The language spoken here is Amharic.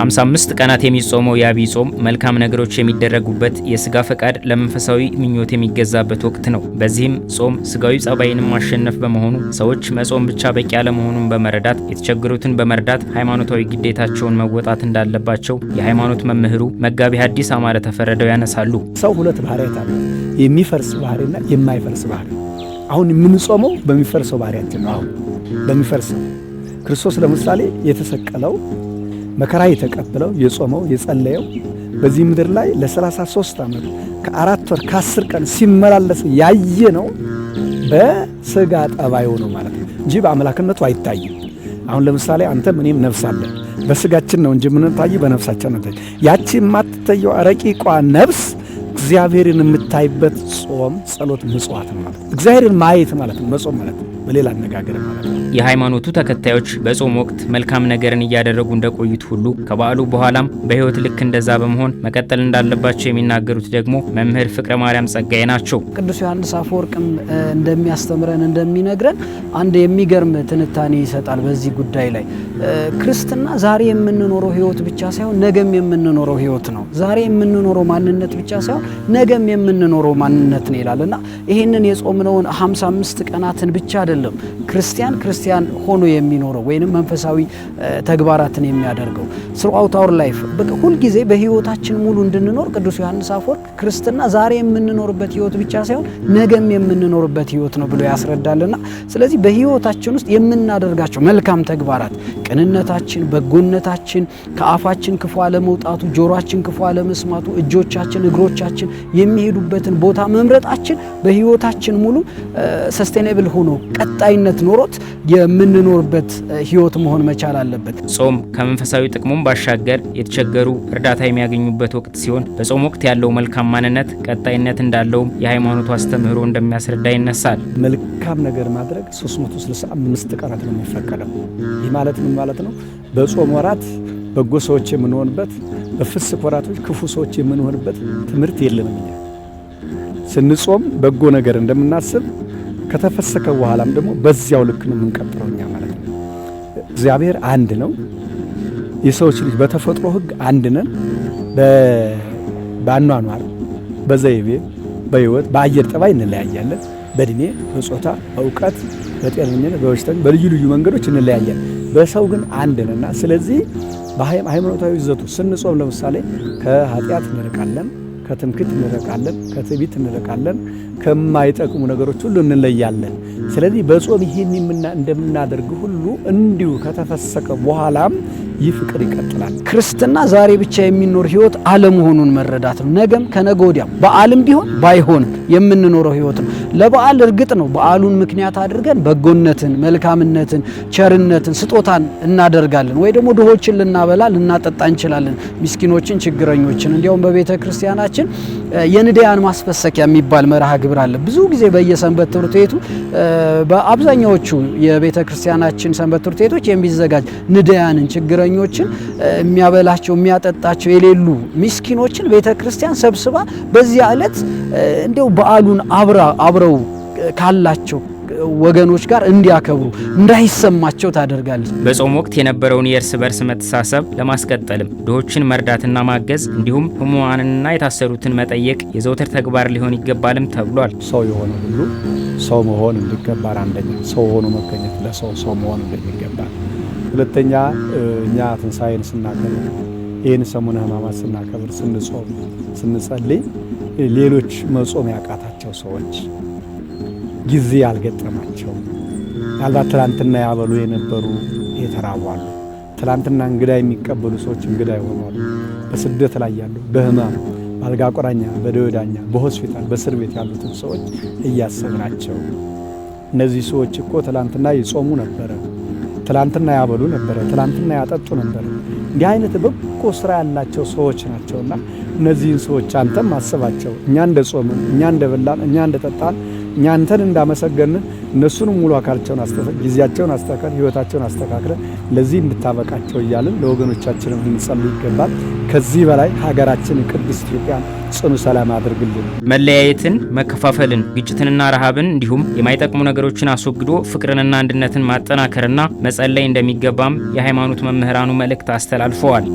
ሃምሳ አምስት ቀናት የሚጾመው የአብይ ጾም መልካም ነገሮች የሚደረጉበት የስጋ ፈቃድ ለመንፈሳዊ ምኞት የሚገዛበት ወቅት ነው። በዚህም ጾም ስጋዊ ጸባይን ማሸነፍ በመሆኑ ሰዎች መጾም ብቻ በቂ ያለመሆኑን በመረዳት የተቸገሩትን በመርዳት ሃይማኖታዊ ግዴታቸውን መወጣት እንዳለባቸው የሃይማኖት መምህሩ መጋቢ ሐዲስ አማረ ተፈረደው ያነሳሉ። ሰው ሁለት ባህሪያት አለ፣ የሚፈርስ ባህሪና የማይፈርስ ባህሪ። አሁን የምንጾመው በሚፈርሰው ባህሪያችን ነው። አሁን በሚፈርሰው ክርስቶስ ለምሳሌ የተሰቀለው መከራ የተቀበለው የጾመው የጸለየው በዚህ ምድር ላይ ለ33 ዓመት ከአራት ወር ከአስር ቀን ሲመላለስ ያየ ነው በስጋ ጠባዩ ነው ማለት ነው እንጂ በአምላክነቱ አይታይም። አሁን ለምሳሌ አንተ እኔም ነፍስ አለን። በስጋችን ነው እንጂ የምንታይ በነፍሳችን ነው። ያቺ የማትታየው ረቂቋ ነፍስ እግዚአብሔርን የምታይበት ጾም፣ ጸሎት፣ ምጽዋት ማለት እግዚአብሔርን ማየት ማለት ነው መጾም ማለት ነው። በሌላ አነጋገር ማለት ነው። የሃይማኖቱ ተከታዮች በጾም ወቅት መልካም ነገርን እያደረጉ እንደቆዩት ሁሉ ከበዓሉ በኋላም በህይወት ልክ እንደዛ በመሆን መቀጠል እንዳለባቸው የሚናገሩት ደግሞ መምህር ፍቅረ ማርያም ጸጋዬ ናቸው። ቅዱስ ዮሐንስ አፈወርቅም እንደሚያስተምረን እንደሚነግረን አንድ የሚገርም ትንታኔ ይሰጣል። በዚህ ጉዳይ ላይ ክርስትና ዛሬ የምንኖረው ህይወት ብቻ ሳይሆን ነገም የምንኖረው ህይወት ነው። ዛሬ የምንኖረው ማንነት ብቻ ሳይሆን ነገም የምንኖረው ማንነት ነው ይላል እና ይህንን የጾምነውን 55 ቀናትን ብቻ አይደለም አይደለም ክርስቲያን ክርስቲያን ሆኖ የሚኖረው ወይንም መንፈሳዊ ተግባራትን የሚያደርገው ስሩ አውት ላይፍ በቃ ሁልጊዜ በህይወታችን ሙሉ እንድንኖር ቅዱስ ዮሐንስ አፈወርቅ ክርስትና ዛሬ የምንኖርበት ህይወት ብቻ ሳይሆን ነገም የምንኖርበት ህይወት ነው ብሎ ያስረዳልና ስለዚህ በህይወታችን ውስጥ የምናደርጋቸው መልካም ተግባራት ቅንነታችን፣ በጎነታችን፣ ከአፋችን ክፉ አለመውጣቱ፣ ጆሮአችን ክፉ አለመስማቱ፣ እጆቻችን እግሮቻችን የሚሄዱበትን ቦታ መምረጣችን በህይወታችን ሙሉ ሰስቴናብል ሆኖ ቀጣይነት ኖሮት የምንኖርበት ህይወት መሆን መቻል አለበት። ጾም ከመንፈሳዊ ጥቅሙም ባሻገር የተቸገሩ እርዳታ የሚያገኙበት ወቅት ሲሆን በጾም ወቅት ያለው መልካም ማንነት ቀጣይነት እንዳለውም የሃይማኖቱ አስተምህሮ እንደሚያስረዳ ይነሳል። መልካም ነገር ማድረግ 365 ቀናት ነው የሚፈቀደው። ይህ ማለት ምን ማለት ነው? በጾም ወራት በጎ ሰዎች የምንሆንበት፣ በፍስክ ወራቶች ክፉ ሰዎች የምንሆንበት ትምህርት የለንም። ስንጾም በጎ ነገር እንደምናስብ ከተፈሰከ በኋላም ደግሞ በዚያው ልክ ነው የምንቀጥለው እኛ ማለት ነው። እግዚአብሔር አንድ ነው። የሰዎች ልጅ በተፈጥሮ ሕግ አንድ ነን። በአኗኗር፣ በዘይቤ፣ በህይወት በአየር ጠባይ እንለያያለን። በእድሜ፣ በጾታ፣ በእውቀት፣ በጤንነት፣ በበሽተኝነት በልዩ ልዩ መንገዶች እንለያያለን። በሰው ግን አንድ ነንና ስለዚህ በሃይማኖታዊ ይዘቱ ስንጾም ለምሳሌ ከኃጢአት እንርቃለን። ከትምክት እንረቃለን ከትዕቢት እንረቃለን ከማይጠቅሙ ነገሮች ሁሉ እንለያለን። ስለዚህ በጾም ይህን እንደምናደርግ ሁሉ እንዲሁ ከተፈሰከ በኋላም ይህ ፍቅር ይቀጥላል። ክርስትና ዛሬ ብቻ የሚኖር ህይወት አለመሆኑን መረዳት ነው። ነገም ከነገ ወዲያም በዓልም ቢሆን ባይሆንም የምንኖረው ህይወት ነው። ለበዓል እርግጥ ነው በዓሉን ምክንያት አድርገን በጎነትን፣ መልካምነትን፣ ቸርነትን፣ ስጦታን እናደርጋለን ወይ ደግሞ ድሆችን ልናበላ ልናጠጣ እንችላለን፣ ምስኪኖችን፣ ችግረኞችን እንዲያውም በቤተ ክርስቲያናችን የንዳያን ማስፈሰኪያ የሚባል መርሃ ግብር አለ። ብዙ ጊዜ በየሰንበት ትምህርት ቤቱ በአብዛኛዎቹ የቤተ ክርስቲያናችን ሰንበት ትምህርት ቤቶች የሚዘጋጅ ንዳያንን፣ ችግረኞችን የሚያበላቸው የሚያጠጣቸው የሌሉ ሚስኪኖችን ቤተ ክርስቲያን ሰብስባ በዚያ ዕለት በአሉን በዓሉን አብረው ካላቸው ወገኖች ጋር እንዲያከብሩ እንዳይሰማቸው ታደርጋለች። በጾም ወቅት የነበረውን የእርስ በርስ መተሳሰብ ለማስቀጠልም ድሆችን መርዳትና ማገዝ እንዲሁም ሕሙማንና የታሰሩትን መጠየቅ የዘውትር ተግባር ሊሆን ይገባልም ተብሏል። ሰው የሆነ ሁሉ ሰው መሆን እንዲገባል። አንደኛ ሰው ሆኖ መገኘት ለሰው ሰው መሆን እንደሚገባል። ሁለተኛ እኛ ትንሣኤን ስናከብር ይህን ሰሙነ ህማማት ስናከብር፣ ስንጾም፣ ስንጸልይ ሌሎች መጾም ያቃታቸው ሰዎች ጊዜ አልገጠማቸው። ምናልባት ትላንትና ያበሉ የነበሩ የተራቧሉ፣ ትላንትና እንግዳ የሚቀበሉ ሰዎች እንግዳ ይሆናሉ። በስደት ላይ ያሉ በህማም በአልጋ ቁራኛ፣ በሆስፒታል፣ በእስር ቤት ያሉትን ሰዎች እያሰብናቸው እነዚህ ሰዎች እኮ ትላንትና ይጾሙ ነበረ፣ ትላንትና ያበሉ ነበረ፣ ትላንትና ያጠጡ ነበረ። እንዲህ አይነት በጎ ስራ ያላቸው ሰዎች ናቸውና እነዚህን ሰዎች አንተም አስባቸው። እኛ እንደ ጾምን፣ እኛ እንደ በላን፣ እኛ እንደ ጠጣን እኛ አንተን እንዳመሰገንህ እነሱን ሙሉ አካላቸውን ጊዜያቸውን አስተካክለ ህይወታቸውን አስተካክለ ለዚህ እንድታበቃቸው እያልን ለወገኖቻችንም እንጸልይ ይገባል። ከዚህ በላይ ሀገራችን ቅድስት ኢትዮጵያን ጽኑ ሰላም አድርግልን። መለያየትን፣ መከፋፈልን፣ ግጭትንና ረሃብን እንዲሁም የማይጠቅሙ ነገሮችን አስወግዶ ፍቅርንና አንድነትን ማጠናከርና መጸለይ እንደሚገባም የሃይማኖት መምህራኑ መልእክት አስተላልፈዋል።